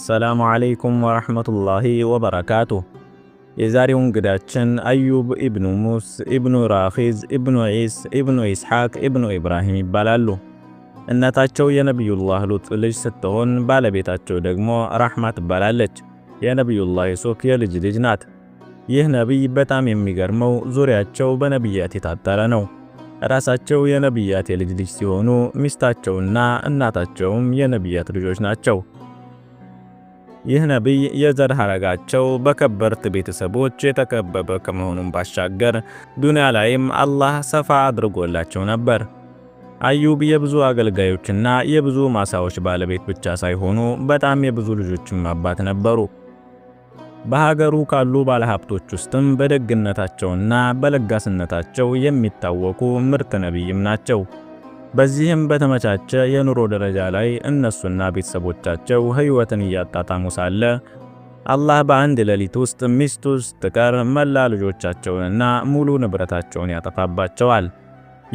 አሰላሙ አለይኩም ወረህመቱላሂ ወበረካቱ። የዛሬው እንግዳችን አዩብ ኢብኑ ሙስ ኢብኑ ራኺዝ ኢብኑ ዒስ ኢብኑ ኢስሐቅ ኢብኑ ኢብራሂም ይባላሉ። እናታቸው የነቢዩላህ ሉጥ ልጅ ስትሆን ባለቤታቸው ደግሞ ራሕማ ትባላለች። የነቢዩላህ ዩሱፍ የልጅ ልጅ ናት። ይህ ነቢይ በጣም የሚገርመው ዙሪያቸው በነቢያት የታጠረ ነው። ራሳቸው የነቢያት የልጅ ልጅ ሲሆኑ ሚስታቸውና እናታቸውም የነቢያት ልጆች ናቸው። ይህ ነቢይ የዘር ሐረጋቸው በከበርት ቤተሰቦች የተከበበ ከመሆኑም ባሻገር ዱንያ ላይም አላህ ሰፋ አድርጎላቸው ነበር። አዩብ የብዙ አገልጋዮችና የብዙ ማሳዎች ባለቤት ብቻ ሳይሆኑ በጣም የብዙ ልጆችም አባት ነበሩ። በሀገሩ ካሉ ባለሀብቶች ውስጥም በደግነታቸውና በለጋስነታቸው የሚታወቁ ምርጥ ነቢይም ናቸው። በዚህም በተመቻቸ የኑሮ ደረጃ ላይ እነሱና ቤተሰቦቻቸው ሕይወትን እያጣጣሙ ሳለ አላህ በአንድ ሌሊት ውስጥ ሚስቱ ስትቀር መላ ልጆቻቸውንና ሙሉ ንብረታቸውን ያጠፋባቸዋል።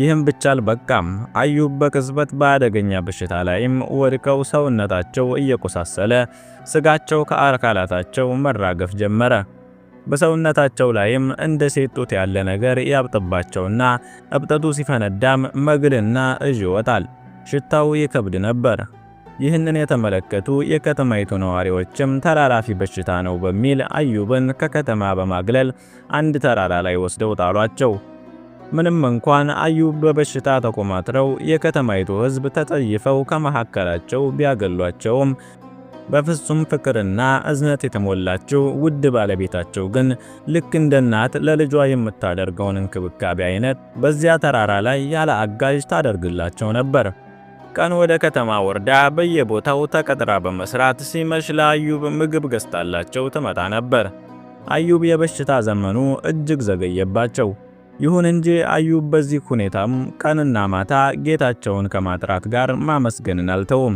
ይህም ብቻ አልበቃም። አዩብ በቅጽበት በአደገኛ በሽታ ላይም ወድቀው ሰውነታቸው እየቆሳሰለ ስጋቸው ከአካላታቸው መራገፍ ጀመረ። በሰውነታቸው ላይም እንደ ሴት ጡት ያለ ነገር ያብጥባቸውና እብጠቱ ሲፈነዳም መግልና እዥ ይወጣል። ሽታው ይከብድ ነበር። ይህንን የተመለከቱ የከተማይቱ ነዋሪዎችም ተላላፊ በሽታ ነው በሚል አዩብን ከከተማ በማግለል አንድ ተራራ ላይ ወስደው ጣሏቸው። ምንም እንኳን አዩብ በበሽታ ተቆማጥረው የከተማይቱ ሕዝብ ተጠይፈው ከመሃከላቸው ቢያገሏቸውም በፍጹም ፍቅርና እዝነት የተሞላችው ውድ ባለቤታቸው ግን ልክ እንደ እናት ለልጇ የምታደርገውን እንክብካቤ አይነት በዚያ ተራራ ላይ ያለ አጋዥ ታደርግላቸው ነበር። ቀን ወደ ከተማ ወርዳ በየቦታው ተቀጥራ በመስራት ሲመሽ ለአዩብ ምግብ ገዝታላቸው ትመጣ ነበር። አዩብ የበሽታ ዘመኑ እጅግ ዘገየባቸው። ይሁን እንጂ አዩብ በዚህ ሁኔታም ቀንና ማታ ጌታቸውን ከማጥራት ጋር ማመስገንን አልተውም።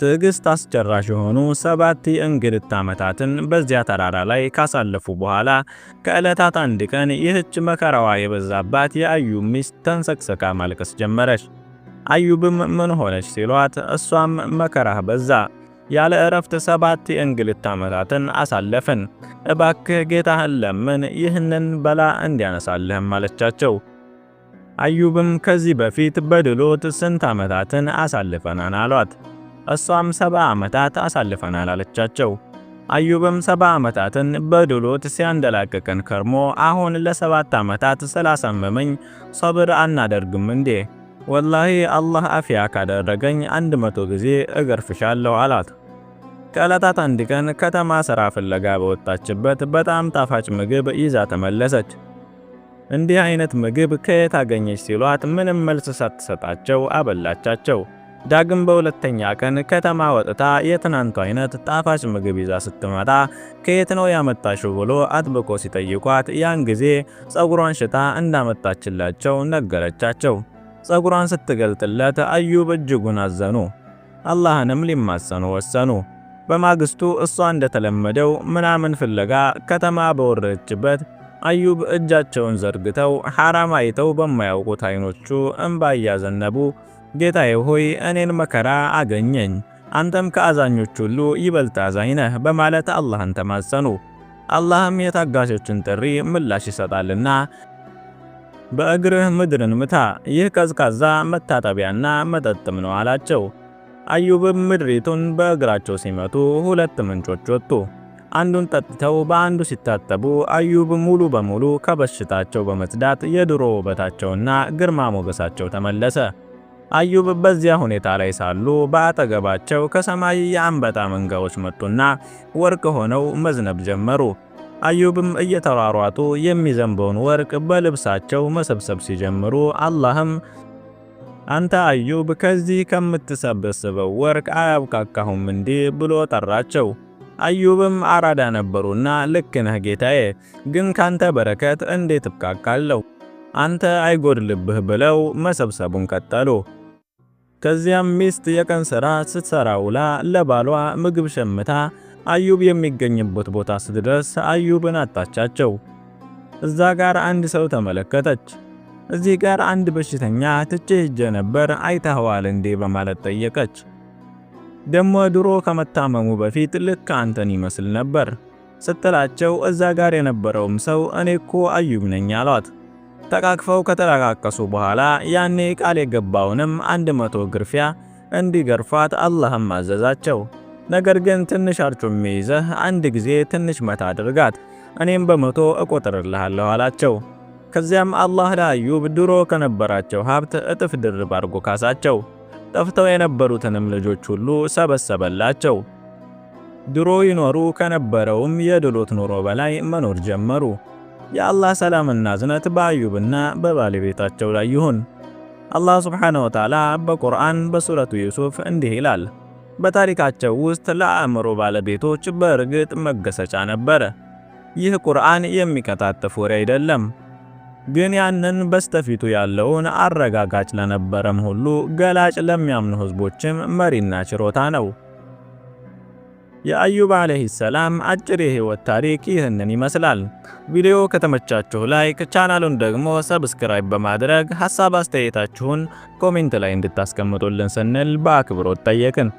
ትዕግስት አስጨራሽ የሆኑ ሰባት የእንግልት ዓመታትን በዚያ ተራራ ላይ ካሳለፉ በኋላ ከዕለታት አንድ ቀን ይህች መከራዋ የበዛባት የአዩብ ሚስት ተንሰቅሰቃ ማልቀስ ጀመረች። አዩብም ምን ሆነች ሲሏት፣ እሷም መከራህ በዛ ያለ እረፍት ሰባት የእንግልት ዓመታትን አሳለፍን። እባክህ ጌታህን ለምን ይህንን በላ እንዲያነሳልህም አለቻቸው። አዩብም ከዚህ በፊት በድሎት ስንት ዓመታትን አሳልፈናን አሏት። እሷም ሰባ ዓመታት አሳልፈናል አለቻቸው። አዩብም ሰባ ዓመታትን በድሎት ሲያንደላቅቅን ከርሞ አሁን ለሰባት ዓመታት ስላሳመመኝ ሰብር አናደርግም እንዴ? ወላሂ አላህ አፍያ ካደረገኝ አንድ መቶ ጊዜ እገርፍሻለሁ አላት። ከዕለታት አንድ ቀን ከተማ ሥራ ፍለጋ በወጣችበት በጣም ጣፋጭ ምግብ ይዛ ተመለሰች። እንዲህ አይነት ምግብ ከየት አገኘች ሲሏት ምንም መልስ ሳትሰጣቸው አበላቻቸው። ዳግም በሁለተኛ ቀን ከተማ ወጥታ የትናንቱ አይነት ጣፋጭ ምግብ ይዛ ስትመጣ ከየት ነው ያመጣሽው ብሎ አጥብቆ ሲጠይቋት ያን ጊዜ ጸጉሯን ሽታ እንዳመጣችላቸው ነገረቻቸው። ጸጉሯን ስትገልጥለት አዩብ እጅጉን አዘኑ። አላህንም ሊማጸኑ ወሰኑ። በማግስቱ እሷ እንደተለመደው ምናምን ፍለጋ ከተማ በወረደችበት አዩብ እጃቸውን ዘርግተው ሐራም አይተው በማያውቁት አይኖቹ እምባ እያዘነቡ ጌታዬ ሆይ እኔን መከራ አገኘኝ፣ አንተም ከአዛኞች ሁሉ ይበልጥ አዛኝ ነህ በማለት አላህን ተማጸኑ። አላህም የታጋሾችን ጥሪ ምላሽ ይሰጣልና በእግርህ ምድርን ምታ፣ ይህ ቀዝቃዛ መታጠቢያና መጠጥም ነው አላቸው። አዩብም ምድሪቱን በእግራቸው ሲመቱ ሁለት ምንጮች ወጡ። አንዱን ጠጥተው በአንዱ ሲታጠቡ አዩብ ሙሉ በሙሉ ከበሽታቸው በመጽዳት የድሮ ውበታቸውና ግርማ ሞገሳቸው ተመለሰ። አዩብ በዚያ ሁኔታ ላይ ሳሉ በአጠገባቸው ከሰማይ የአንበጣ መንጋዎች መጡና ወርቅ ሆነው መዝነብ ጀመሩ። አዩብም እየተሯሯጡ የሚዘንበውን ወርቅ በልብሳቸው መሰብሰብ ሲጀምሩ አላህም አንተ አዩብ ከዚህ ከምትሰበስበው ወርቅ አያብቃካሁም እንዴ ብሎ ጠራቸው። አዩብም አራዳ ነበሩና ልክ ነህ ጌታዬ፣ ግን ካንተ በረከት እንዴት እብቃቃለሁ? አንተ አይጎድልብህ ብለው መሰብሰቡን ቀጠሉ። ከዚያም ሚስት የቀን ሥራ ስትሰራ ውላ ለባሏ ምግብ ሸምታ አዩብ የሚገኝበት ቦታ ስትደርስ አዩብን አጣቻቸው። እዛ ጋር አንድ ሰው ተመለከተች። እዚህ ጋር አንድ በሽተኛ ትቼ ሄጄ ነበር አይታኸዋል እንዴ? በማለት ጠየቀች። ደሞ ድሮ ከመታመሙ በፊት ልክ አንተን ይመስል ነበር ስትላቸው፣ እዛ ጋር የነበረውም ሰው እኔ እኮ አዩብ ነኝ አሏት። ተቃቅፈው ከተራቃቀሱ በኋላ ያኔ ቃል የገባውንም አንድ መቶ ግርፊያ እንዲገርፏት አላህም አዘዛቸው። ነገር ግን ትንሽ አርጩሜ ይዘህ አንድ ጊዜ ትንሽ መታ አድርጋት፣ እኔም በመቶ እቆጥርልሃለሁ አላቸው። ከዚያም አላህ ለአዩብ ድሮ ከነበራቸው ሀብት እጥፍ ድርብ አድርጎ ካሳቸው። ጠፍተው የነበሩትንም ልጆች ሁሉ ሰበሰበላቸው። ድሮ ይኖሩ ከነበረውም የድሎት ኑሮ በላይ መኖር ጀመሩ። የአላህ ሰላምና እዝነት በአዩብና በባለቤታቸው ላይ ይሁን። አላህ ስብሓነ ወተዓላ በቁርአን በሱረቱ ዩሱፍ እንዲህ ይላል፣ በታሪካቸው ውስጥ ለአእምሮ ባለቤቶች በእርግጥ መገሰጫ ነበረ። ይህ ቁርአን የሚከታተፍ ወሬ አይደለም፣ ግን ያንን በስተፊቱ ያለውን አረጋጋጭ ለነበረም ሁሉ ገላጭ ለሚያምኑ ሕዝቦችም መሪና ችሮታ ነው። የአዩብ አለይሂ ሰላም አጭር የህይወት ታሪክ ይህንን ይመስላል። ቪዲዮ ከተመቻችሁ ላይክ፣ ቻናሉን ደግሞ ሰብስክራይብ በማድረግ ሀሳብ አስተያየታችሁን ኮሜንት ላይ እንድታስቀምጡልን ስንል በአክብሮት ጠየቅን።